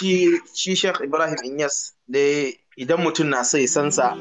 shi shi Sheikh Ibrahim Inyas da idan mutum na so ya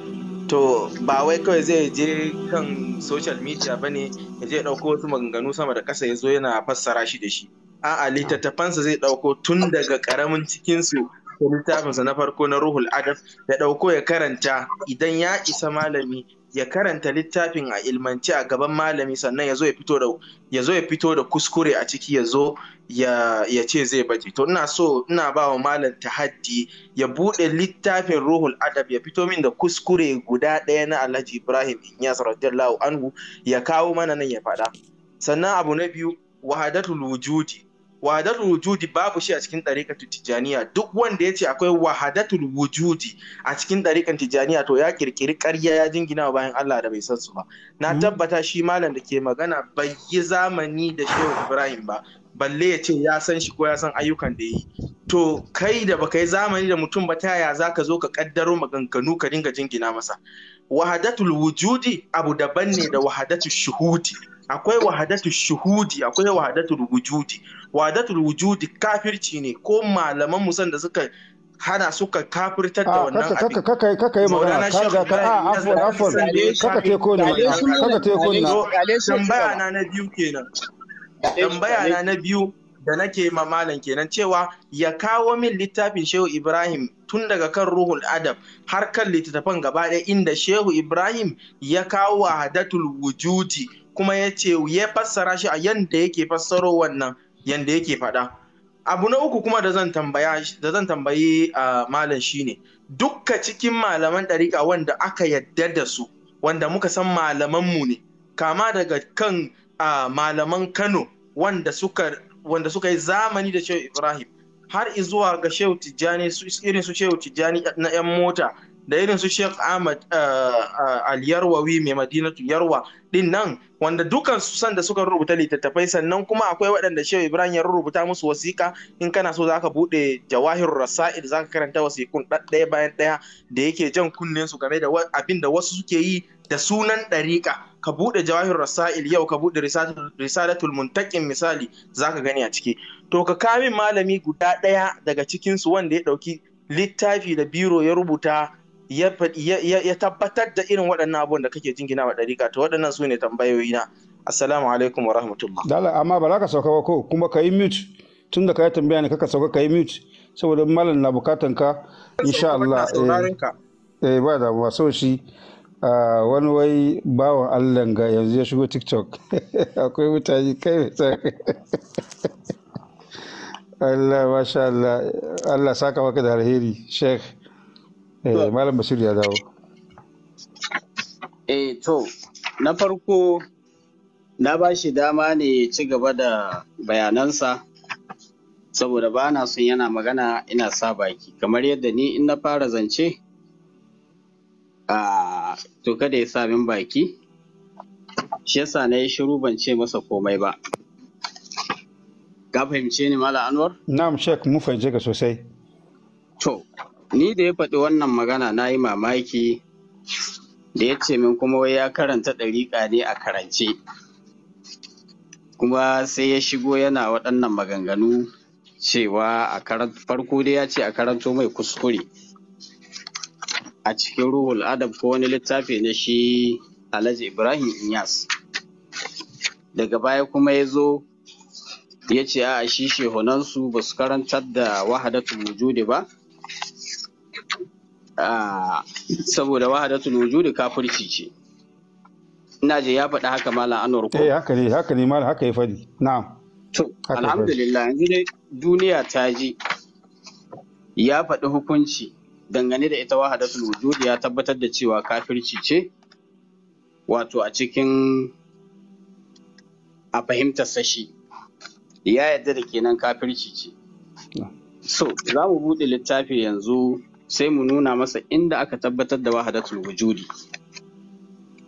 to ba wai kawai zai je kan social media ba ne ya je ɗauko wasu maganganu sama da ƙasa ya zo yana fassara shi da shi a'a littattafansa zai ɗauko tun daga karamin cikinsu su littafinsa na farko na ruhul adab ya ɗauko ya karanta idan ya isa malami ya karanta littafin a ilmance a gaban malami sannan ya zo ya fito da ya zo ya fito da kuskure a ciki ya zo ya, ya ce zai baje to ina so ina ba wa malam haddi ya bude littafin ruhul adab ya fito min da kuskure guda ɗaya na Alhaji Ibrahim Inyas radiyallahu anhu ya kawo mana nan ya faɗa sannan abu na biyu wahadatul wujudi wahadatul wujudi babu shi a cikin ɗariƙar tijjaniya duk wanda ya ce akwai wahadatul wujudi a cikin ɗariƙar tijjaniya to ya kirkiri ƙarya ya jingina bayan Allah da bai san su ba na hmm. tabbata shi malam da ke magana bai yi zamani da shehu ibrahim ba balle ya ce ya san shi ko ya san ayyukan da yi to kai da baka yi zamani da mutum ba ta yaya zaka zo ka kaddaro maganganu ka dinga jingina masa wahadatul wujudi abu daban ne da wahadatul shuhudi akwai wahadatul shuhudi akwai wahadatul wujudi wadatul wujudi kafirci ne ko malaman musan da suka hana suka kafirtar da ah, wannan abin. Kaka kaka yi magana, ka riga ka a afon afon kaka teko ne, kaka teko ne. Tambaya na na biyu kenan. Tambaya na na biyu da nake ma malam kenan cewa ya kawo min littafin Shehu Ibrahim tun daga kan Ruhul Adab har kan littattafan gaba ɗaya inda Shehu Ibrahim ya kawo wahadatul wujudi kuma ya ce ya fassara shi a yanda yake fassaro wannan yanda yake faɗa abu na uku kuma da zan tambayi a zan tambayi malam shine dukka cikin malaman ɗariƙa wanda aka yadda da su wanda muka san malamanmu ne kama daga kan malaman Kano wanda suka wanda suka yi zamani da Shehu Ibrahim har izuwa ga Shehu Tijjani irin su Shehu Tijjani na 'yan mota da irin su Sheikh Ahmad eh, eh, Al Yarwawi mai Madinatu Yarwa din nan wanda dukan su san da suka rubuta littattafai sannan kuma akwai waɗanda Sheikh Ibrahim ya rubuta musu wasiƙa in kana so zaka bude Jawahirur Rasail zaka karanta wasiƙun ɗaya bayan ɗaya da yake jan kunnen su game da abin da wasu suke yi da sunan ɗariƙa ka buɗe Jawahirur rasail yau ka buɗe risalatul muntakin misali zaka gani a ciki to ka kamin malami guda ɗaya daga cikin su wanda ya ɗauki littafi da biro ya rubuta ya tabbatar da irin waɗannan abubuwan da kake jingina wa ɗariƙa to waɗannan su ne tambayoyi na assalamu alaikum wa rahmatullah dala amma ba za ka sauka ba ko kuma ka yi mute tun da ka yi tambaya ne ka sauka ka yi mute saboda malam na bukatan ka insha Allah eh, eh ba da ba so shi ah, wani wai bawan Allah ga yanzu ya shigo TikTok akwai mutane kai Allah masha Allah Allah saka maka da alheri Sheikh Eh, Malam Bashir ya dawo. Eh, to, na farko na ba shi dama ne ya ci gaba da bayanansa, saboda ba na son yana magana ina sa baki, kamar yadda ni in na fara zance, a to kada ya sa min baki, shi yasa na yi shiru ban ce masa komai ba. Ka fahimce ni Malam Anwar? Na'am Sheikh mu fahimce ka sosai. To, ni da ya faɗi wannan magana na yi mamaki da ya ce min kuma wai ya karanta ɗariƙa ne a karance kuma sai ya shigo yana waɗannan maganganu cewa a farko dai ya ce a karanto mai kuskure a cikin ruhul adab ko wani littafi na shi alhaji ibrahim inyas daga baya kuma ya zo ya ce a shi shehunansu ba su karantar da wahadatul wujudi ba saboda wahadatul wujud kafirci ce ina je ya faɗi haka malam anwar ko eh haka ne haka ne malam haka ya faɗi na'am to alhamdulillah yanzu dai duniya ta ji ya faɗi hukunci dangane da ita wahadatul wujud ya tabbatar da cewa kafirci ce wato a cikin a fahimtar sashi ya yadda da kenan kafirci ce so za mu buɗe littafi yanzu sai mu nuna masa inda aka tabbatar da wahadatul wujudi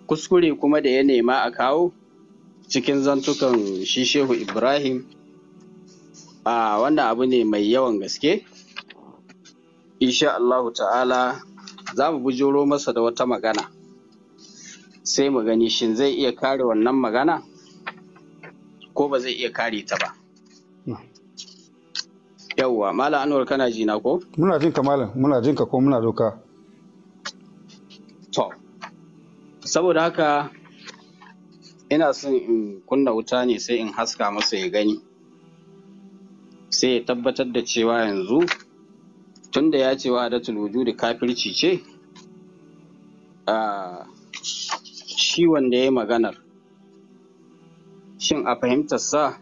kuskure kuma da ya nema a kawo cikin zantukan shi shehu ibrahim a wannan abu ne mai yawan gaske insha Allahu ta'ala za mu bujuro masa da wata magana sai mu gani shin zai iya kare wannan magana ko ba zai iya kare ta ba hmm. yawwa malam anwar kana ji na ko muna jin ka malam muna jin ka ko muna doka to saboda haka ina son in kunna wuta ne sai in haska masa ya gani sai ya tabbatar da cewa yanzu tunda ya ce wa adatul da kafirci ce a shi wanda ya yi maganar shin a fahimtar sa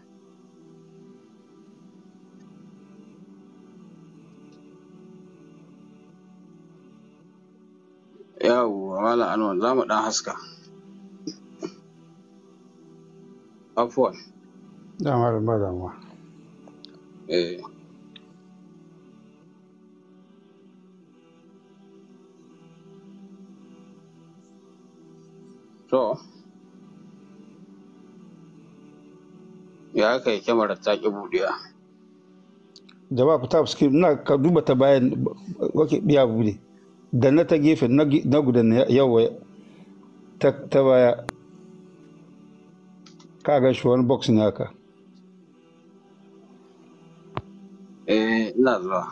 Yawwa Malam Anwar za mu dan haska. Afuwan. Da malam ba damuwa. Eh. To. Ya kai yi kyamarar ta ki buɗewa. Da ba fita fuskiri, ina ka duba ta bayan, ok, biya buɗe. da na ta gefe na guda yawa ta baya ka ga shi wani box ne haka eh ina zuwa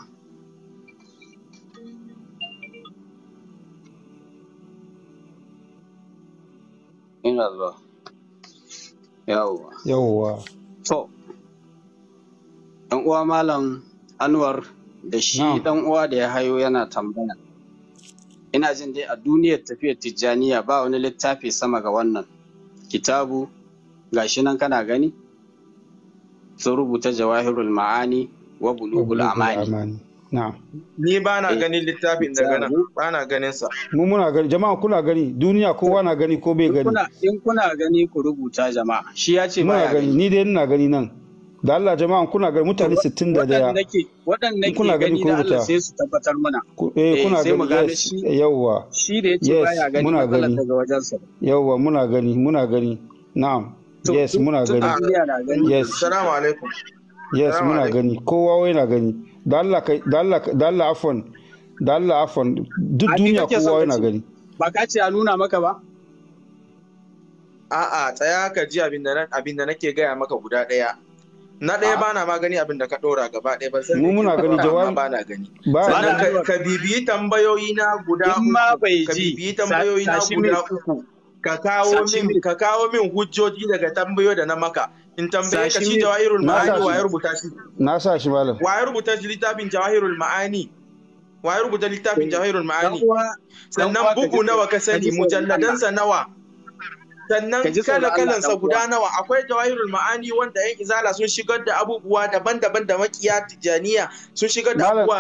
ina zuwa yawwa so ɗan uwa malam anwar da shi ɗan uwa da ya hayo yana tambaya Ina jin dai a duniyar tafiyar Tijjaniya ba wani littafi sama ga wannan. Kitabu, ga shi nan kana gani? Sun rubuta Jawahirul Ma'ani wa Bulugul Amani. Ni ba na eh, ganin littafin daga nan, ba na ganin sa. Mu muna gani, jama'a kuna gani, duniya kowa na gani ko bai gani. In kuna gani ku rubuta jama'a, shi ya ce ba gani. Ni dai ina gani nan. da Allah jama'an kuna gani mutane 61 waɗannan kuna gani ko Allah sai su tabbatar mana eh, eh kuna gani yawa shi da yace baya gani muna gani daga wajensa yawa muna gani muna gani na'am yes muna gani yes assalamu alaikum yes muna gani kowa wai na gani da Allah da Allah da Allah afwan da Allah afwan duk duniya kowa yana gani ba ka ce a nuna maka ba a'a tsaya ka ji abin da nake gaya maka guda ɗaya na ɗaya ah. ba na magani abin da ka ɗora gaba ɗaya ba sai mu muna gani jawabi ba na gani sannan ka bibiyi tambayoyi na guda uku ka bibiyi tambayoyi na guda uku ka kawo min ka kawo min hujjoji daga tambayo da na maka in tambaye ka shi jawahirul ma'ani wa ya rubuta shi na sa shi malam wa ya rubuta shi littafin jawahirul ma'ani wa ya rubuta littafin eh, jawahirul ma'ani sannan bugu nawa ka sani mujalladansa nawa sannan kala kalan sa guda nawa akwai jawahirul ma'ani wanda yan izala sun shigar da abubuwa daban-daban da makiya tijaniya sun shigar da abubuwa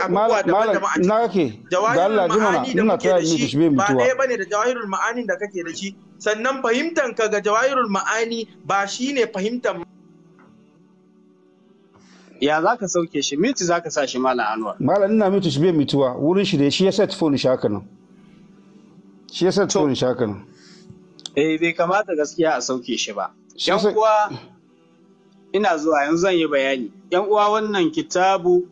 abubuwa daban-daban a cikin jawahirul ma'ani da muke da shi ba ɗaya bane da jawahirul ma'ani da kake da shi sannan fahimtan ka ga jawahirul ma'ani ba shine fahimtan ya za ka sauke shi miti za ka sa shi malam anwar malam ina miti shi bai mituwa wurin shi da shi ya set phone shi haka nan shi ya set phone shi haka nan Eh bai kamata gaskiya a sauke shi ba. Yan uwa ina zuwa yanzu zan yi bayani. Yan uwa wannan kitabu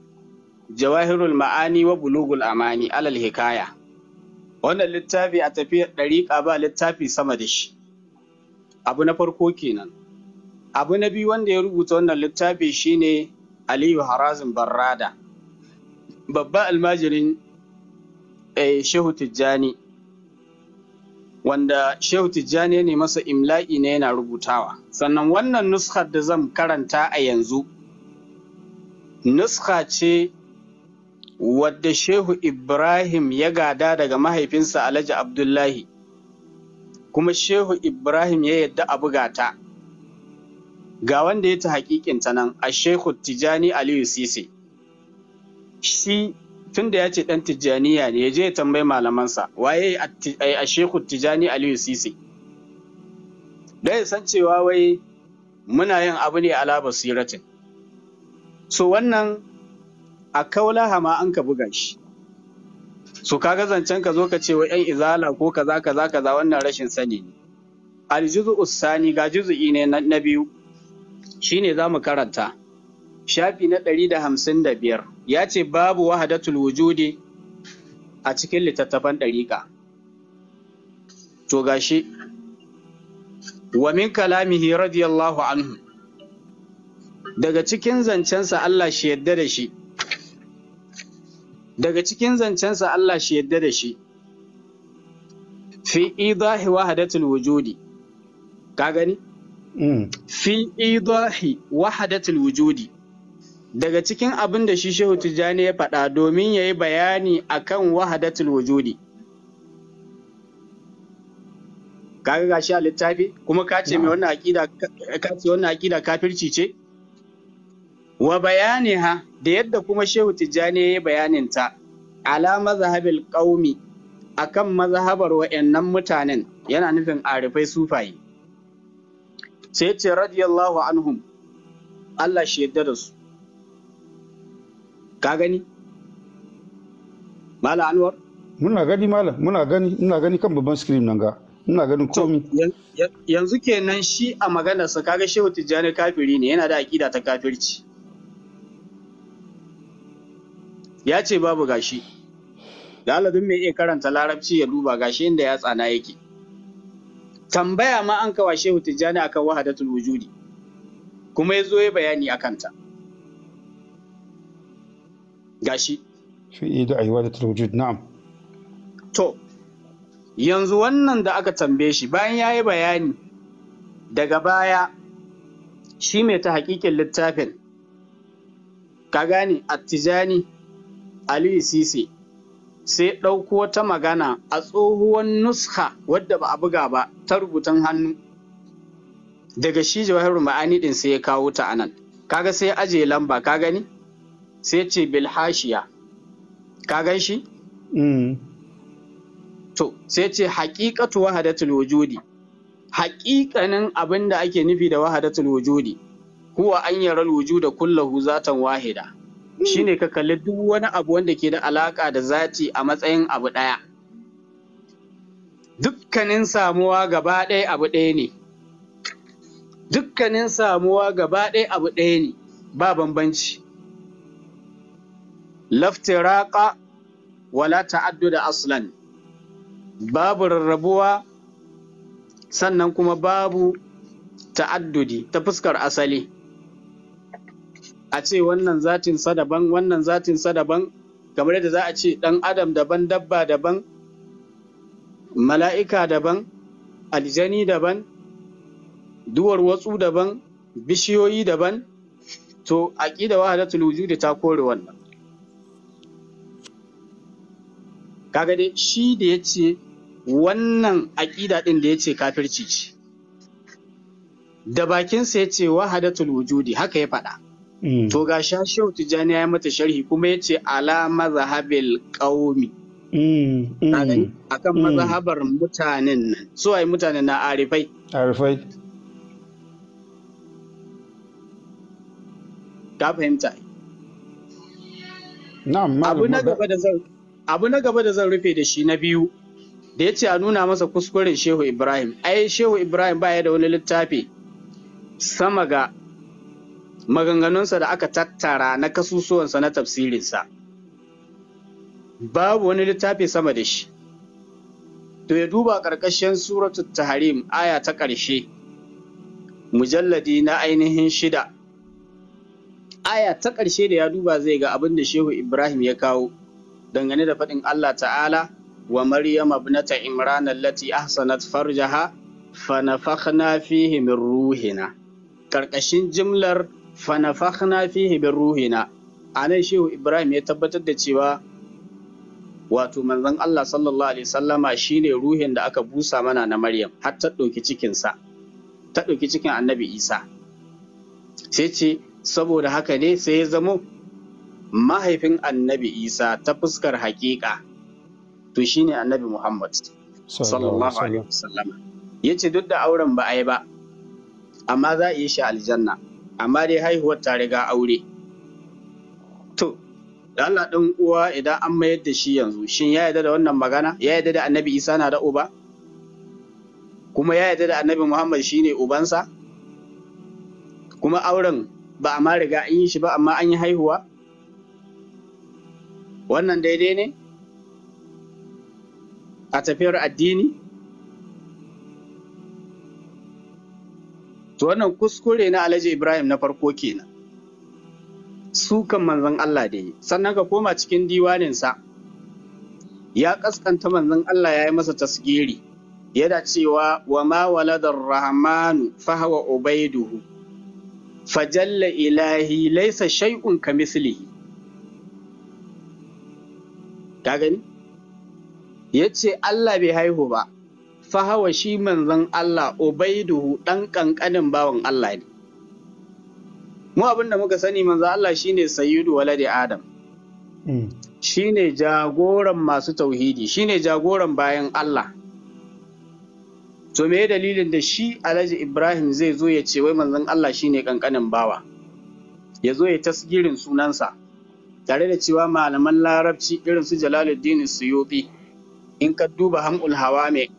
Jawahirul Ma'ani wa Bulugul Amani alal hikaya. Wannan littafi a tafiyar ɗariƙa ba littafi sama da shi. Abu na farko kenan. Abu na biyu wanda ya rubuta wannan littafi shine Aliyu Harazin Barrada. Babba almajirin eh, Shehu Tijjani wanda Shehu Tijjani ne masa imla'i ne yana rubutawa. Sannan wannan nuskar da zan karanta a yanzu, nuska ce wadda Shehu Ibrahim ya gada daga mahaifinsa Alhaji Abdullahi, kuma Shehu Ibrahim ya yadda a bugata. Ga wanda ya ta hakikinta nan a Shehu Tijjani Aliyu Sise. Shi tun da ya ce ɗan tijjaniya ne ya je ya tambayi malamansa waye a shehu tijjani aliyu sisi da ya san cewa wai muna yin abu ne ala basiratin so wannan a kaula hama an ka buga shi so kaga zancen ka zo ka ce wa yan izala ko kaza kaza kaza wannan rashin sani ne aljuzu usani ga juzu'i ne na biyu shine za mu karanta shafi na ɗari da hamsin da biyar ya ce babu wahadatul wujudi a cikin littattafan ɗariƙa. To gashi, wa min kalamihi radiyallahu anhu daga cikin zancensa Allah shi yadda da shi. Daga cikin zancensa Allah shi yadda da shi, fi idahi wahadatul wujudi, ka gani? Mm. Fi idahi wahadatul wujudi. daga cikin abin da shi Shehu Tijjani ya faɗa domin ya yi bayani a kan wahadatul wujudi. Kaga gashi a littafi kuma ka ce mai wannan aƙida ka ce kafirci ce? Wa bayani ha da yadda kuma Shehu Tijjani ya yi bayanin ta ala mazhabil qaumi akan mazhabar wa'annan mutanen yana nufin arifai sufayi. Sai ce radiyallahu anhum Allah shi yadda da su. ka gani mala anwar muna gani mala muna gani ina gani kan babban screen nan ga ina ganin komi yanzu kenan shi a maganarsa kaga shehu tijjani kafiri ne yana da aƙida ta kafirci ya ce babu gashi dalibin mai iya karanta larabci ya duba gashi inda ya tsana yake tambaya ma an kawa shehu tijjani akan wahadatul wujudi kuma ya zo ya bayani a kanta gashi fi da aiwa da wujud na'am to yanzu wannan da aka tambaye shi bayan yayi bayani daga baya shi mai ta hakikin littafin ka gane attijani aliyu sisi sai ɗauko wata magana a tsohuwar nuska wadda ba a buga ba ta rubutan hannu daga shi jawahar ma'ani ɗin sai ya kawo ta anan kaga sai ya ajiye lamba ka gani sai ce bilhashiya ka gan shi? Mm. to sai ce haƙiƙatu wahadatul wujudi haƙiƙanin abin da ake nufi da wahadatul wujudi huwa an yara wujuda kullahu zatan wahida mm. shine ka kalli duk wani abu wanda ke da alaƙa da zati a matsayin abu ɗaya dukkanin samuwa gaba ɗaya abu ɗaya ne dukkanin samuwa gaba ɗaya abu ɗaya ne ba bambanci laftiraqa wala ta'adduda aslan babu rarrabuwa sannan kuma babu ta'addudi ta fuskar asali a ce wannan zatin sa daban wannan zatin sa daban kamar yadda za a ce ɗan adam daban dabba daban mala'ika daban aljani daban duwar watsu daban bishiyoyi daban to aƙida wahadatul wujudi ta kore wannan kaga dai shi da ya ce wannan aƙida ɗin da ya ce kafirci ce da bakinsa ya ce wahadatul wujudi haka ya faɗa mm. to ga shashewu tijjani ya mata sharhi kuma ya ce ala mazhabil qaumi mm, mm. akan mazhabar mutanen nan su ai mutanen na arifai arifai ka fahimta na'am abu na gaba da zan abu na gaba da zan rufe da shi na biyu da ya ce a nuna masa kuskuren shehu ibrahim ai shehu ibrahim baya da wani littafi sama ga maganganunsa da aka tattara na kasusuwansa na tafsirinsa babu wani littafi sama da shi to ya duba ƙarƙashin suratu tahrim aya ta ƙarshe mujalladi na ainihin shida aya ta ƙarshe da ya duba zai ga abin da shehu ibrahim ya kawo dangane da faɗin Allah ta'ala wa Maryam ibnata Imran allati ahsanat farjaha fa nafakhna fihi min ruhina karkashin jimlar fa nafakhna fihi min ruhina anan shehu Ibrahim ya tabbatar da cewa wato manzon Allah sallallahu alaihi sallama shine ruhin da aka busa mana na Maryam har ta ɗauki sa ta dauki cikin annabi Isa sai ce saboda haka ne sai ya zamo mahaifin annabi isa ta fuskar haƙiƙa to shine annabi muhammad sallallahu alaihi wasallam ya ce duk da auren ba a yi ba amma za a yi shi aljanna amma dai haihuwar ta riga aure to Allah ɗin uwa idan an mayar da shi yanzu shin ya yarda da wannan magana ya yarda da annabi isa na da uba kuma ya yarda da annabi muhammad shine ubansa kuma auren ba a ma riga an yi shi ba amma an yi haihuwa wannan daidai ne a tafiyar addini to wannan kuskure na alhaji ibrahim na farko kenan sukan manzon Allah da yi sannan ka koma cikin diwaninsa ya kaskanta manzon Allah ya yi masa tasgiri yana cewa wa ma waladar rahmanu fahawa ubaiduhu fajalla ilahi laisa shay'un ka mislihi ka gani ya ce Allah bai haihu ba fahawa shi manzon Allah ubaiduhu ɗan ƙanƙanin bawan Allah ne mu abinda muka sani manzon Allah shine sayyidu waladi adam hmm. shine jagoran masu tauhidi shine jagoran bayan Allah to me dalilin da shi Alhaji Ibrahim zai zo ya ce wai manzon Allah shine ƙanƙanin bawa ya zo ya tasgirin sunansa tare da cewa malaman larabci irin su Jalaluddin Suyuti in ka duba Hamul Hawame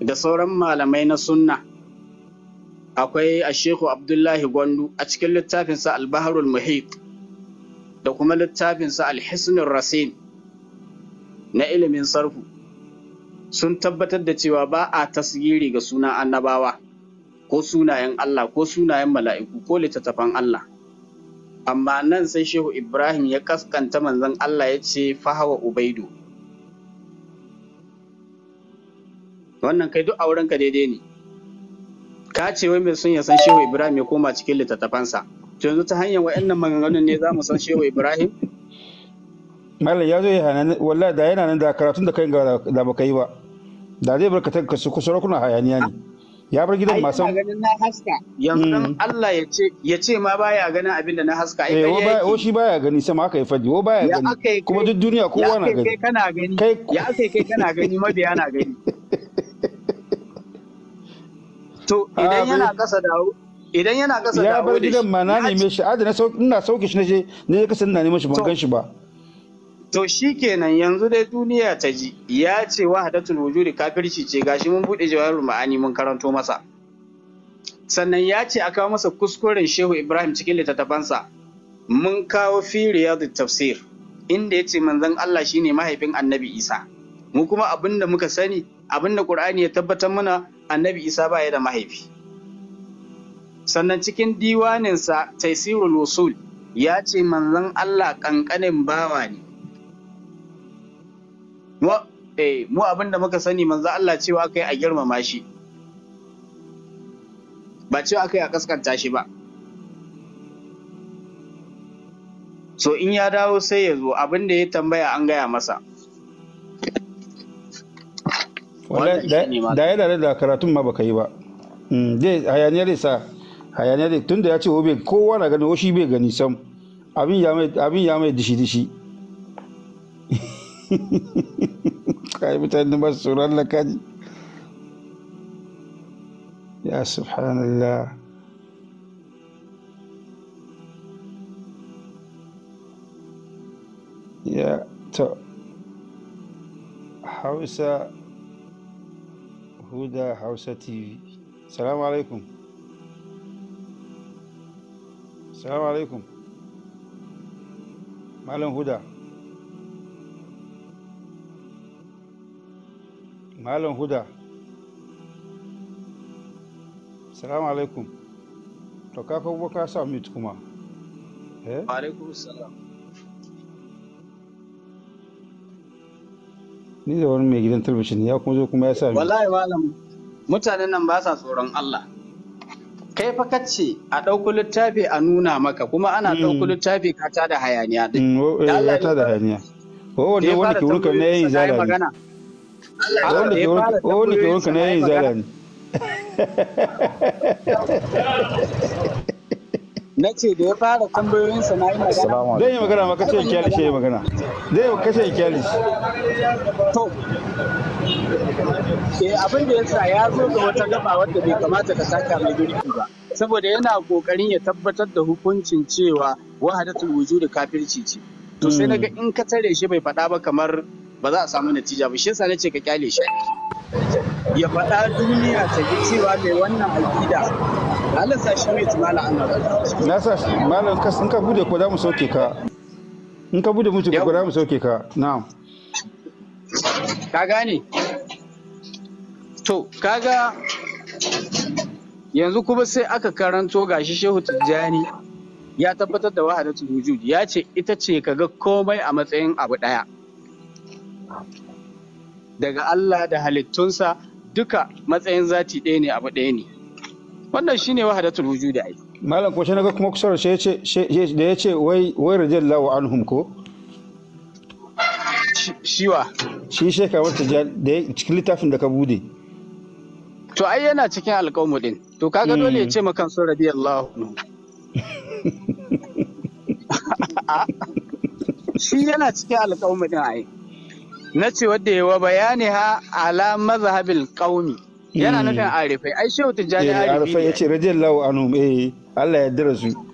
da sauran malamai na sunna akwai a Shehu Abdullahi Gwandu a cikin littafinsa Al-Baharul Muhit da kuma littafinsa al Rasin na ilimin sarfu sun tabbatar da cewa ba a tasgiri ga sunan annabawa ko sunayen Allah ko sunayen mala'iku ko littattafan Allah. amma nan sai shehu ibrahim ya kaskanta manzon allah ya ce fahawa ubaidu wannan kai duk aurenka daidai ne ka ce wai mai sun ya san shehu ibrahim ya koma cikin littattafansa to yanzu ta hanyar wa'annan maganganun ne za mu san shehu ibrahim malam ya zo ya hana wallahi da yana nan da karatun da kai ga da baka yi ba da zai barka ta su: kusa kuna hayaniya ne ya bar gidan ma san ganin na haska yanzu dan mm. Allah ya ce ya ce ma baya ganin abin da na haska ai kai eh, wo shi baya gani sama aka yi faɗi wo baya gani kuma duk duniya kowa na gani kana gani ya aka kai kana gani mabiya na gani to ah, idan yana kasa da idan yana kasa da ya bar gidan ma na neme shi adana ina sauke shi na je ne kasan na neman shi ban gan shi ba To shi kenan yanzu dai duniya ta ji ya ce wahadatul wujudi kafirci ce gashi mun bude jawar ma'ani mun karanto masa. Sannan ya ce a kawo masa kuskuren Shehu Ibrahim cikin littattafansa mun kawo fi riyadu tafsir inda ya ce manzon Allah shine mahaifin Annabi Isa. Mu kuma abinda muka sani abinda Qur'ani ya tabbatar mana Annabi Isa ba ya da mahaifi. Sannan cikin diwaninsa Taisirul Usul ya ce manzon Allah kankanin bawa ne Eh, mu abin da muka sani manzo Allah cewa akai a girmama shi ba cewa akai a kaskanta shi ba so in ya dawo sai ya zo abin da ya tambaya an gaya masa da yana da karatun ma baka yi ba zai mm, hayaniyar sa hayaniyar tun da ya ce kowa na gani shi bai gani sam abin ya mai dishi dishi هاي بتعد بس لك هذه يا سبحان الله يا تو حوسة هدى حوسة تي في السلام عليكم السلام عليكم مالهم هدى malam huda salamu alaikum to ka fa ka sa mit kuma eh alaikum salam ni da wani mai gidan talabijin ya kuma zo kuma ya sa mit wallahi malam mutanen nan ba sa tsoron Allah kai fa kace a ɗauko littafi a nuna maka kuma ana mm. ɗauko littafi ka tada hayaniya din mm, oh, eh, da Allah ya tada hayaniya ko wanda wani ke wurin kan ne yayin zalimi wanda ke wanka na yin zara ne na ce da ya fara tambayoyinsa na yi magana zai yi magana maka ce kyali shi magana zai maka ce kyali to eh abin da yasa ya zo da wata gaba wadda bai kamata ka taka mai girki ba saboda yana kokarin ya tabbatar da hukuncin cewa wahadatul wujud kafirci ce to sai hmm. naga in ka tare shi bai faɗa ba kamar ba za a samu natija ba shi yasa ce ka kyale shi ya faɗa duniya ta ji cewa mai wannan aƙida Allah sa shi mai tumala Allah na sa malam ka sun ka bude ko za mu ka in ka bude mutu ko za mu sauke ka na'am ka gane to kaga yanzu kuma sai aka karanto gashi Shehu Tijjani ya tabbatar da wahadatul wujud ya ce ita ce kaga komai a matsayin abu daya daga Allah da halittunsa duka matsayin zati ɗaya ne abu ɗaya ne wannan shine wahadatul da aiki malam ko na ga kuma kusur da ya da yace wai wai lawa an ko shiwa shi shekawar tijjal da cikin littafin da ka bude to ai yana cikin alƙawmu din to kaga dole ya mm. ce ma rabi radiyallahu anhu shi yana cikin alƙawmu din ai na ce wadda yawa bayani ha ala mazhabil kaumi yana eh. nufin arifai ai shehu tijjani eh, arifai arifai rajin radiyallahu anhu eh Allah ya dira su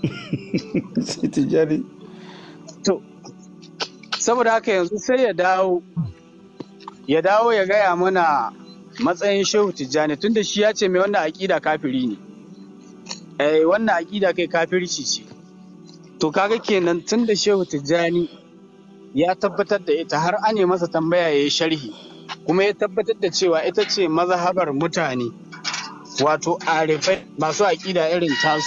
tijjani to saboda haka yanzu sai ya dawo ya dawo ya gaya mana matsayin shehu tijjani tunda shi ya ce mai wannan aƙida kafiri ne eh wannan aƙida kai kafirci ce to kaga kenan tunda shehu tijjani ya tabbatar da ita har ane masa tambaya ya yi sharhi kuma ya tabbatar da cewa ita ce mazhabar mutane wato arifai masu aƙida irin tasu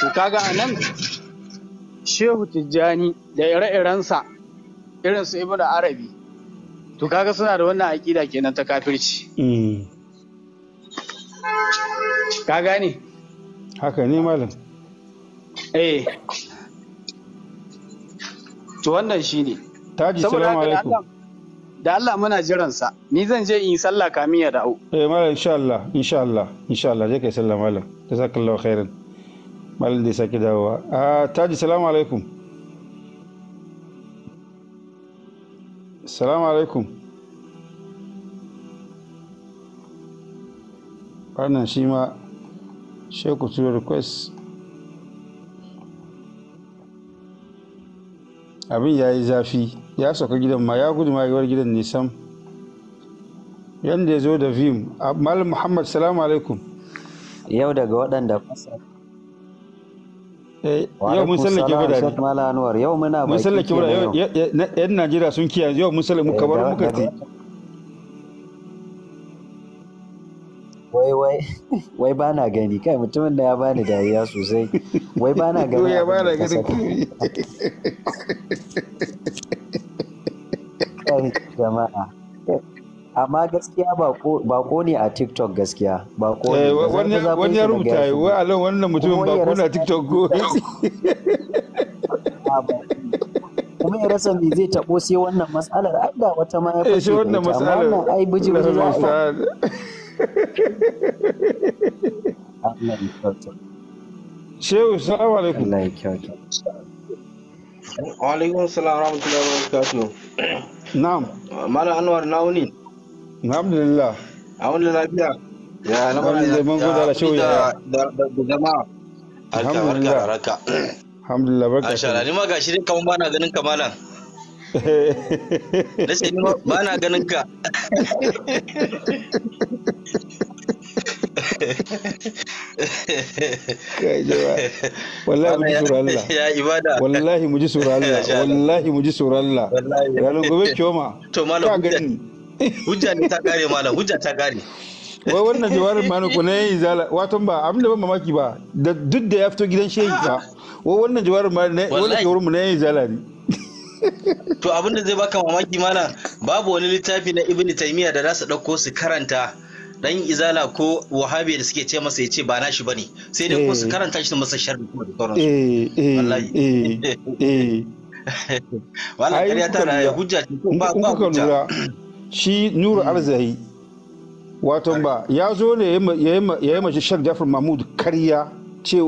to kaga a nan shehu tijjani da ire-irensa irin su ibnu arabi to kaga suna da wannan aƙida kenan ta kafirci mm. ka gane haka ne malam eh to wannan shine taji salamu alaikum da Allah muna jiransa ni zan je in sallah kamin ya dawo eh malam insha Allah insha Allah insha Allah je kai sallah malam jazakallahu khairan malam da sake dawowa ah taji salamu alaikum salamu alaikum wannan shi ma sheku to request abin ya yi zafi ya sauka gidan ma ya gudu ma yawar gidan nisan yadda ya zo da vim malam muhammad salamu alaikum yau daga waɗanda eh, yau mun sallake gudare mun sallake gudare yan najeriya sun kiyaye yau mun sallake eh, muka bar muka ce wai ba na gani kai mutumin da ya bani dariya sosai wai ba na gani ya ba na gani kai jama'a amma gaskiya bako ne a tiktok gaskiya ko ne eh, wani ya rubuta yi wa alan wannan mutumin bako na tiktok go kuma ya rasa me zai tabo sai wannan matsalar ai da wata ma ya eh, fashe ta wannan ai biji zai za Allah ya kyauta. Shehu, salamu alaikum. Allah ya kyauta. Wa alaikum salam wa rahmatullahi wa Na'am. Malam Anwar na wuni. Alhamdulillah. A wani lafiya. Ya na mana da mun da shehu ya. Da jama'a. Alhamdulillah. Alhamdulillah barka. Alhamdulillah barka. Masha Allah, ni ma gashi bana ganin kamalan. na ce ba na ganin ka wallahi mu ji tsoron Allah wallahi mu ji tsoron Allah wallahi mu ji tsoron Allah ranar gobe kyoma to malam hujja ta kare malam hujja ta kare wai wannan jawarin na zala ba abinda ban mamaki ba duk da ya fito gidan shehi ba wai wannan jawarin mu na zala ne to abin da zai baka mamaki mana, babu wani littafi na ibn taymiya da za su ɗauko su karanta dan izala ko wahabi da suke ce masa ya ce ba shi bane sai dai ko su eh. karanta shi masa sharri kuma da sauransu eh, eh, wallahi wannan ƙarya ta na hujja ce ko ba ba lura shi nur hmm. arzahi wato ba ya zo ne ya yi shi shar jafar mahmud karya ce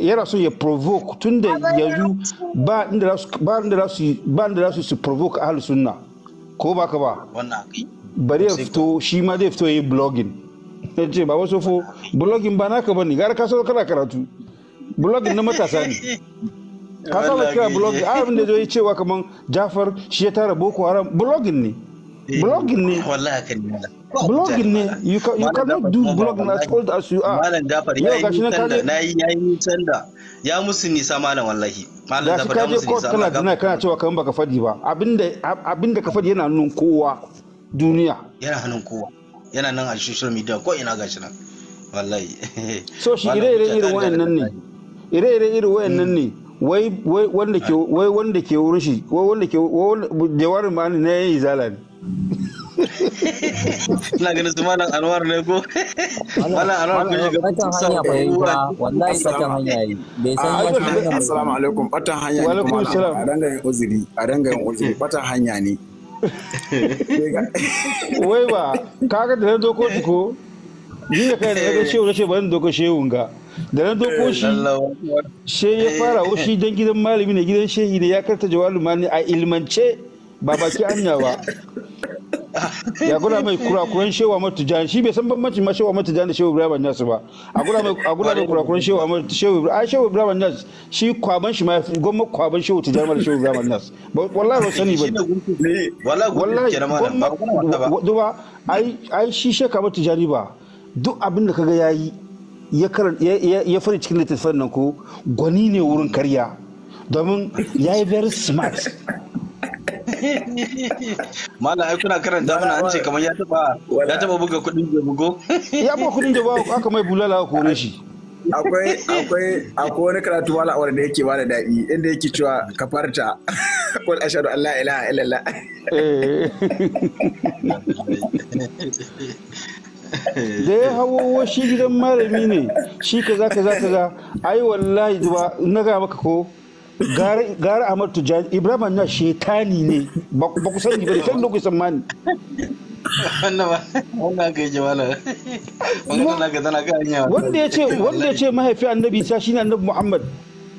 yana so ya provoke tun da yanzu ba inda za su su provoke ahal sunna ko ba ka ba bari ya fito shi ma zai fito ya yi blogging ya ce ba wasu fo blogging ba naka ba ne gara ka sauka kana karatu blogging na matasa ne ka sauka kira blogging abin da zai cewa kamar jafar shi ya tara boko haram blogging ne Eh, blogging ne wallahi ne blogging ne you, can, you cannot do blog as old as you are malam gafar ya yi nisan da na yi yayi nisan da ya musu nisa malam wallahi malam gafar ya musu nisa kana dina kana cewa kan baka fadi ba abinda abinda ka fadi yana nan kowa duniya yana hannun kowa yana nan a social media ko ina gashi nan wallahi so shi ire-ire irin wayannan ne ire-ire irin wayannan ne wai wanda ke wai wanda ke wurin shi wai wanda ke wai jawarin ma ne na yayi zalani Ina ganin su malam Anwar ne ko? Malam Anwar kun shiga batan hanya wallahi batan hanya yi. Bai san ah, ya shi Assalamu alaikum batan hanya ne kuma a danga yin uzuri a danga yin uzuri batan hanya ne. Wai ba kaga da na doko ko ni da kai da ga shehu na ce bari doko shehun ga. da na doko shi she ya fara eh. shi dan gidan malami ne gidan shehi ne ya karta jawalin mani a ilmance ba baki anya ba ya gura mai kurakuran shewa matujan shi bai san bambancin ma shewa matujan da shewa ibrahim nas ba a gura mai a gura mai kurakuran shewa shewa a shewa ibrahim nas shi kwaban shi ma gwamma kwaban shewa tujan ma shewa ibrahim nas wallahi ba sani ba wallahi duba ai ai shi sheka matujani ba duk abin da kaga yayi ya karan ya fara cikin littattafan nan ko gwani ne wurin karya domin ya yi very smart Mala ai kuna karanta mana an ce kamar ya taba ya taba buga kudin jabugo. Ya ba kudin jabugo aka mai bulala ko ne shi. Akwai akwai akwai wani karatu mala awar da yake bada daɗi inda yake cewa kafarta Kul ashhadu an la ilaha illallah. Eh. da ya hawo shi gidan malami ne shi kaza kaza kaza ai wallahi duba na ga maka ko gara amar Jan ibrahim na shetani ne ba ku sani ba da ku tsammani wannan ne wanda ya ce wanda ya ce mahaifi annabi sa shine annabi muhammad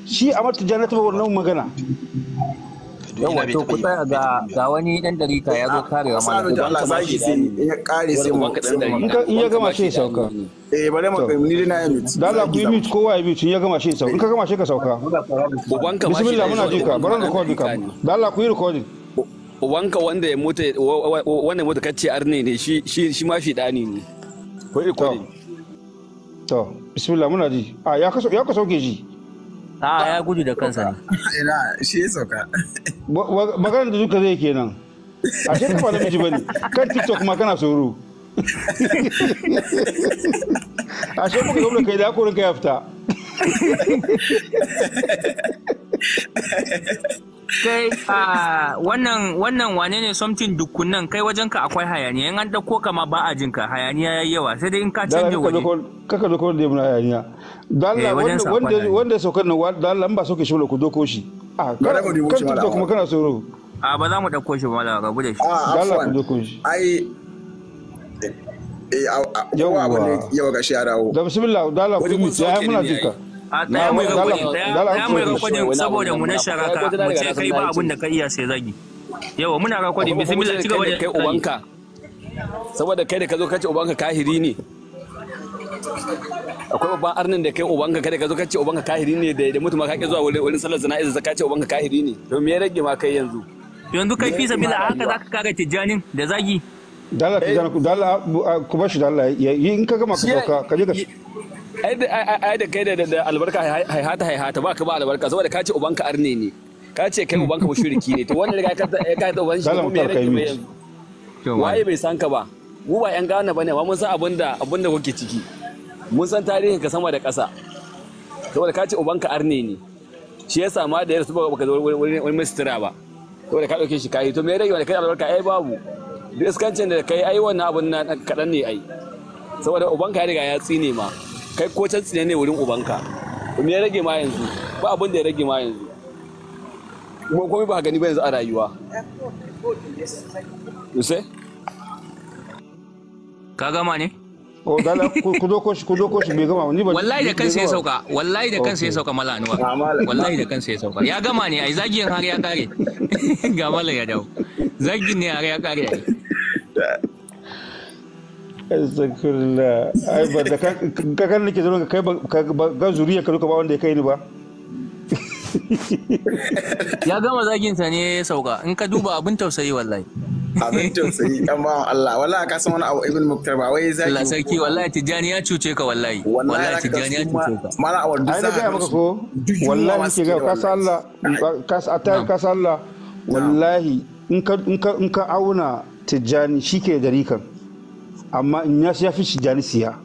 shi amar tujani ta wannan magana yawa to ku tsaya ga ga wani dan jarida ya zo karewa mana da Allah sai shi sai in ya kare sai mu eh, in ya gama shi sauka eh bare mu kai ni na yamit da Allah ku yi ko kowa ya mit in ya gama shi sauka in ka gama shi ka sauka ubanka bismillah muna jika bari mu record ka da Allah ku yi recording wanka wanda ya mota wanda mota kace arne ne shi shi ma shi dani ne ko recording to bismillah muna ji a ah, ya ka ya ka sauke ji ta ya gudu da kansa ne ina shi ya sauka maganar da duka zai kenan a shi kafa namiji bane kan tiktok ma kana tsoro a shi muka gwamna kai da hakorin ka ya fita kai a wannan wannan wane ne something dukkunan kai wajen ka akwai hayaniya in an dauko kama ba a jinka ka hayaniya yayi yawa sai dai in ka canje waje kaka da kawai da muna hayaniya dalla eh, wanda wanda saukar nan dalla ah, ba sauke shi ku doko shi a kan tuta kuma kana a ba za mu dauko shi ba ga rabu da shi ah, dalla ku doko shi ai eh, a yawa ga shi ya da bismillah dalla ku yi ya muna jika a mai rakwadin saboda mu na sharaka mu ce kai ba abin da ka iya sai zagi yawa muna rakwadin bismillah ci gaba da kai ubanka saboda kai da ka zo ka ubanka kahiri ne akwai babban arnin da kai ubanka kada ka zo ka ce ubanka kahiri ne da mutum ka ke zuwa wurin sallar jana'iza ka ce ubanka kahiri ne to me ya rage ma kai yanzu yanzu kai fi sabila haka zaka kare tijanin da zagi dala tijan ku dala ku bashi dala yi in ka gama ka sauka ka je ka ai da kai da albarka haihata haihata ba ka ba albarka saboda ka ce ubanka arne ne ka ce kai ubanka mushriki ne to wannan riga ka ka da uban shi mu me rage mai yanzu waye bai san ka ba mu ba yan gane bane ba mun san abinda abinda kuke ciki mun san tarihin ka sama da ƙasa saboda ka ce ubanka arne ne shi ya sama da yarsu baka da wani mistira ba saboda ka ɗauke shi kayi to me rage wani kai albarka ai babu duk iskancin da kai ai wannan abun na kaɗan ne ai saboda ubanka ya riga ya tsine ma kai ko can tsine ne wurin ubanka to me rage ma yanzu ba abin da ya rage ma yanzu kuma komai ba gani ba yanzu a rayuwa Yusai? Ka gama ne? o oh, dala ku doko shi ku doko shi bai gama ni ba wallahi da kansa ya sauka wallahi da kansa ya sauka mala anuwa ah, wallahi da kansa ya sauka ya gama ne ai zagin har ya kare ga mala ya dawo zagin ne har ya kare ai ai ba da nake zuwa kai ba ga zuriya ka ba wanda ya kai ni ba ya gama zagin sa ne ya sauka in ka duba abin tausayi wallahi abin tausayi dan bawan Allah wallahi ka san wani abu ibn muktar ba wai zaki Allah sarki wallahi tijani ya cuce ka wallahi wallahi tijani ya cuce ka mala awar da ga maka ko wallahi ke ga ka sallah ka atar ka sallah wallahi in ka in ka in ka auna tijani shike gari kan amma in ya fi tijani siya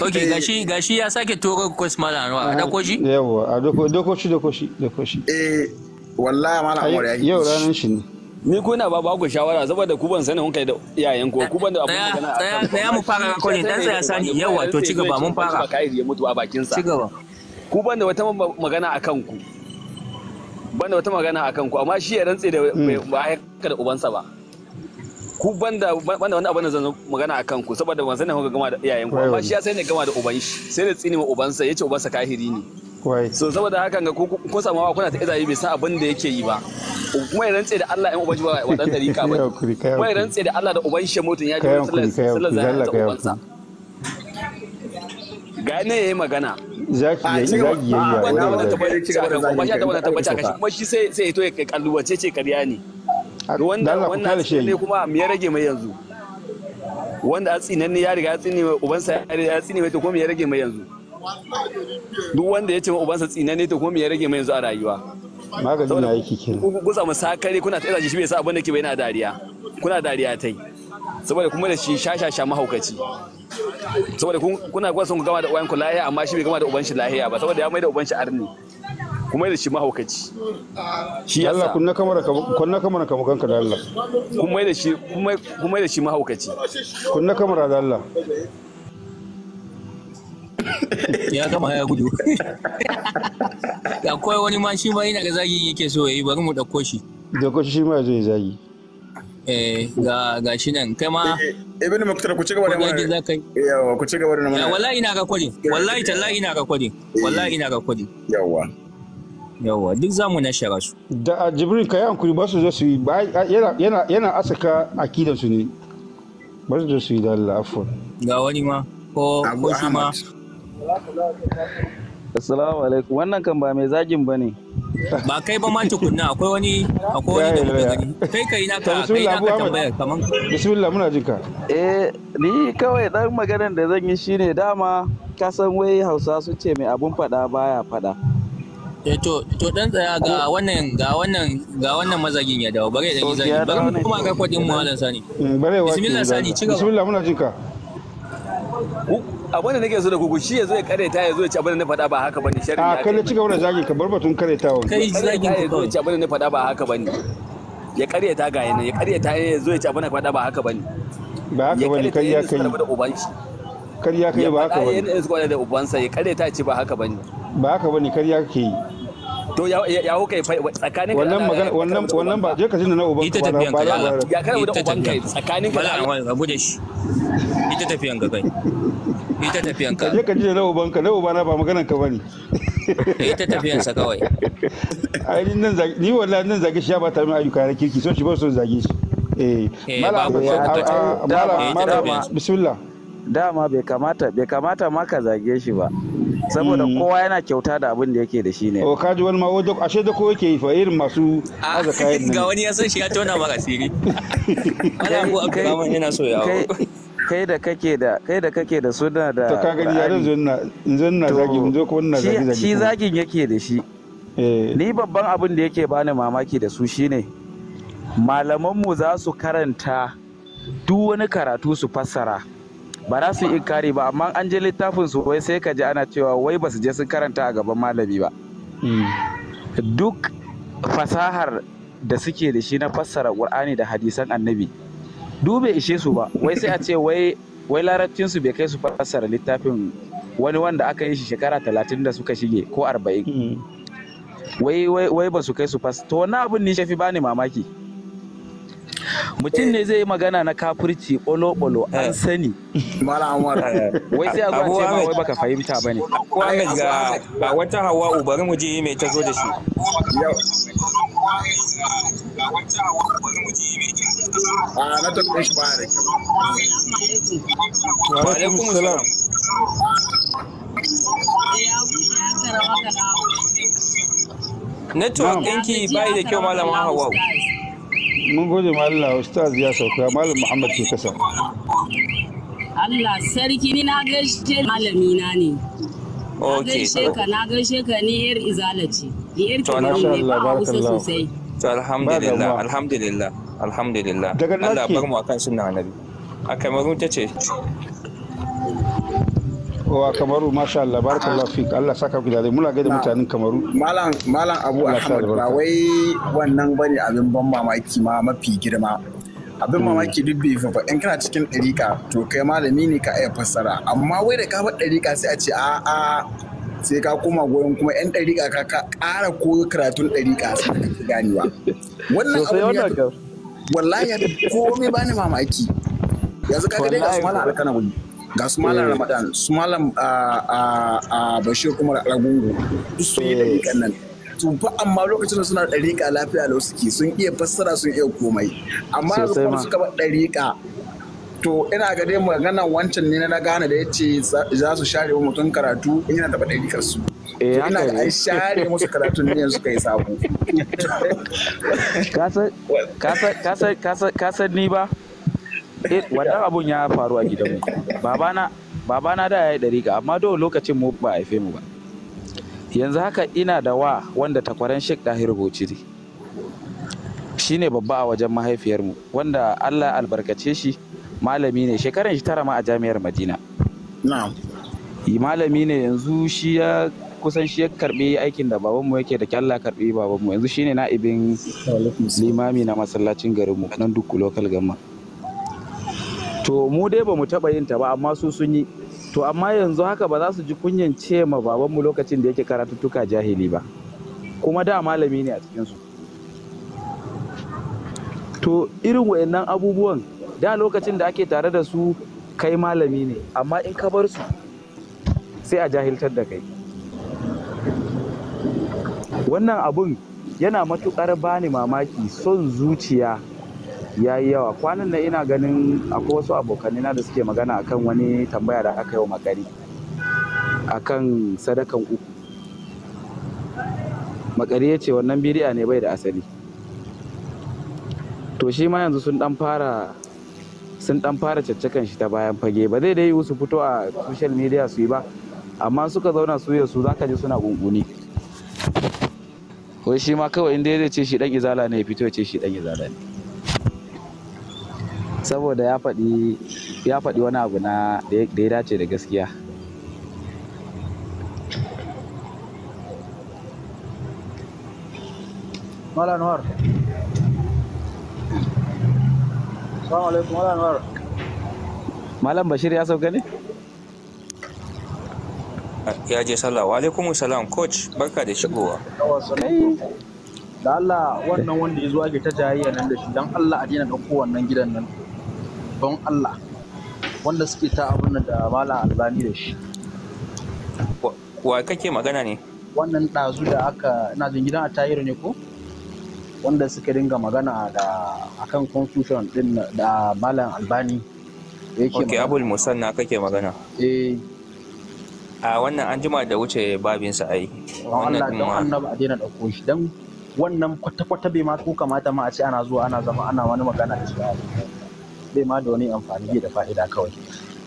ok eh. gashi gashi ya sake toro kwas mala a dako shi Yawwa, a dako shi dako shi dako shi eh wallahi mala awar ya yau ranar shi ne ni ko ina ba ba ku shawara saboda ku ban sani kun kai da iyayen ku ku ban da abun magana daya daya mu fara ne dan sai ya sani yawa to ci gaba mun fara kai ya mutu a bakin sa ci gaba ku ban da wata magana akan ku ban da wata magana akan ku amma shi ya rantse da hmm. ba haka da ubansa ba ku ban da ban da wani abin da zan magana akan ku saboda ban sani kun gama da iyayen ku amma shi ya sani gama da uban shi sai da tsini ma ubansa yace ubansa kahiri ne so saboda hakan ga ku ko samawa kuna ta izayi bai san abin da yake yi ba kuma ya rantse da Allah ɗan uban shi ba dan dariƙa ba kuma ya rantse da Allah da uban shi mutun ya ji sallar zai ta ubansa ga ne yayi magana zaki yayi zaki yayi ya wannan tabbaci da kuma ya tabbata tabbaci kashi kuma shi sai sai to ya kallubace ce karya ne wanda wannan ne kuma me ya rage mai yanzu wanda a tsinan ne ya riga ya tsine mai ubansa ya tsine mai to kuma me ya rage mai yanzu duk wanda ya ce ma ubansa tsinan ne to kuma me ya rage mai yanzu a rayuwa magani na yake kenan mu sakare kuna ta shi bai sa abin da ke bai na dariya kuna dariya tai saboda kuma da shi shashasha mahaukaci saboda kuna gwa sun gama da uwan ku lahiya amma shi bai gama da uban shi lahiya ba saboda ya mai da uban shi arni kuma da shi mahaukaci shi yasa Allah kunna kamar ka kunna kamar ka mukanka da Allah kuma da shi kuma kuma da shi mahaukaci kunna kamar da Allah ya gama ya gudu akwai wani ma shi ma yana ga zagi yake so yayi bari mu dauko shi dauko shi ma zai zagi eh ga ga shi nan kai ma eh, eh, ibn muktar ku ci gaba da mana ya ku ci gaba da mana wallahi ina ga kwari wallahi tallahi ina ga kwari eh. wallahi ina ga kwari yawa yawa duk zamu na shara su da jibril kai an kuri ba su zo su yi yana yana yana asaka akidan su ne ba su zo su yi da Allah afwan ga wani ma ko ko shi ma Assalamu alaikum. Wannan kan ba mai zagin ba ne. Ba kai ba ma tukunna akwai wani akwai wani da muka gani. Kai kai na ka kai na ka tambaya kaman. Bismillah muna jin ka. Eh ni kawai dan maganar da zan yi shine dama ka san wai Hausa su ce mai abun fada baya fada. Eh to to dan tsaya ga wannan ga wannan ga wannan mazagin ya dawo bare zan yi bare mu kuma ga kwadin mu Sani. Mm, bismillah Sani ci gaba. Bismillah muna jin ka. abin da nake so da kuku shi yazo ya kareta yazo ya ci abin da na faɗa ba haka bane shari'a a kai na ci gaba da zagi ka bar batun karetawa kai zagi ka zo ya ci abin da na faɗa ba haka bane ya karaita ga yana ya karaita ya zo ya ci abin da faɗa ba haka bane ba haka bane kai ya kai karya kai ba haka bane ya yana zuwa da ubansa ya karaita ci ba haka bane ba haka bane karya ya kai to ya ya ho hukai tsakanin wannan magana wannan wannan ba je ka tunda na uban ka ba ya kai da uban kai tsakanin ka da uban shi ita tafiyan ga kai yi ta tafiyan ka je ka ji na uban ka na uba na ba maganan ka bane yi ta tafiyan sa kawai ai nan zagi ni wallahi nan zage shi ba ta mai ayyuka na kirki so shi ba so zage shi eh malam eh, malam eh, ah, ah, eh, bismillah dama bai kamata bai kamata ma ka zage shi ba saboda hmm. kowa yana kyauta da abin da yake da shi ne o kaji wani ma wajen ashe da kowa yake yi fa irin masu ah, aza kayan ga wani ya san shi ya tona maka asiri abu ko abdurrahman yana so yawo kai da kake da kai da kake da suna da to ya zo na zagi mun zo ko wannan zagi zagi shi zagin yake da shi eh. ni babban abin da yake bani mamaki da su shine malamanmu za su karanta duk wani karatu su fassara ba za su inkari ba amma an je littafin su wai sai ka ji ana cewa wai ba su je sun karanta a gaban malami ba hmm. duk fasahar da suke da shi na fassara ƙur'ani da hadisan annabi dube ishe su ba wai sai a ce wai wai larabcin su bai kai su fassara littafin wani wanda aka yi shi shekara talatin da suka shige ko arba'in hmm. wai ba su kai su fas to wani abin ni shafi bani mamaki mutum ne zai yi magana na kafirci bolo-bolo an eh. sani eh. wai sai a zuwa ce ba wai baka fahimta ba ne ga wata hawa bari mu je mai ta zo da shi ah, na ba network ɗinki bai da kyau malama hawa mun gode ma Allah ustaz ya sauka malam Muhammad ke kasa Allah sarki ni na gaishe malami na ne na gaishe ka na gaishe ka ni yar izala ce ni yar ta ne ba Allah sosai to alhamdulillah alhamdulillah alhamdulillah Allah bar mu akan sunna annabi a kamar ta ce wa kamaru masha Allah barakallahu fik Allah saka ku dai muna gaida mutanen kamaru malam malam Abu Ahmad ba wai wannan bane abin ban mamaki ma mafi girma abin hmm. mamaki duk bai fa in kana cikin dariƙa to kai malami ne ka iya fassara amma wai da ka bar dariƙa sai a ce a a sai ka koma goyon kuma yan dariƙa ka ƙara ko karatun dariƙa. sai ka ganewa wannan abu wallahi komai bani mamaki yanzu ka dai ga su mala alkana wani ga su malam eh. ramadan su malam a bashir umar alagungu duk sun yi eh. ɗariƙan nan to amma lokacin da suna ɗariƙa lafiya da suke sun iya fassara sun iya komai amma yanzu kuma suka ba ɗariƙa to ina ga dai magana wancan ne na gane da yace za su share mutum karatu in yana taɓa ɗariƙar su eh, ina ga an share musu karatu ne yanzu kai sabo ka san ni ba Eh, wannan abun ya faru a mu babana babana da ya yayi dariƙa amma dole lokacin mu ba haife mu ba yanzu haka ina da wa wanda takwaran shek Dahir Bociri ne babba a wajen mahaifiyarmu wanda Allah albarkace shi malami ne shekaran shi tara ma a jami'ar Madina na'am malami ne yanzu shi ya kusan shi ya karbi aikin da babanmu yake da Allah karbi babanmu yanzu shine na ibin limami na masallacin garinmu nan duk local gamma to mu dai ba mu taɓa yin ta ba amma su sun yi to amma yanzu haka ba za su ji kunyan ce ma babanmu lokacin da yake karatuttuka jahili ba kuma da malami ne a cikinsu to irin wayannan abubuwan da lokacin da ake tare da su kai malami ne amma in ka bar su sai a jahiltar da kai wannan abun yana matukar bani mamaki son zuciya ya yi yawa kwanan nan ina ganin akwai wasu na da suke magana akan wani tambaya da aka yi wa makari akan sadakan uku makari ya ce wannan bidiya ne bai da asali to shi ma yanzu sun dan fara sun dan fara caccakan shi ta bayan fage ba zai dai yiwu su fito a social media su yi ba amma suka zauna su yi su zaka ji suna gunguni wai shi ma kawai inda ya ce shi dan izala ne ya fito ya ce shi dan izala ne saboda ya faɗi wani abu na da ya dace da gaskiya Mala Anwar. alaikum Mala Anwar. Malam Bashir ya sauka ne? Ya je sallah. Wa alaikum salam coach barka da shigowa. Kai da Allah wannan wanda ya zuwa ke ta jayayya nan da shi don Allah a dina dauko wannan gidan nan. babban Allah wanda suke ta abin da mala albani da shi wa kake magana ne wannan ɗazu da aka ina jin gidan a tayiru ne ko wanda suka dinga magana da akan constitution din da malam albani yake Abul abul na kake magana eh a wannan an jima da wuce babinsa ai wannan da annabi a daina shi dan wannan kwata-kwata bai ma ko kamata ma a ce ana zuwa ana zama ana wani magana da shi bai ma da wani amfani da fa'ida kawai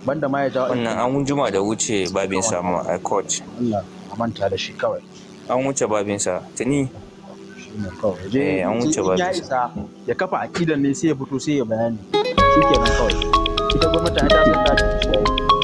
banda ma ya jawo wannan an juma da wuce babin sa mu a court Allah a manta da shi kawai an wuce babin sa tuni shine kawai je eh, an wuce babin sa ya kafa akidan ne sai ya fito sai ya bayani shikenan kawai ita gwamnati ta san da shi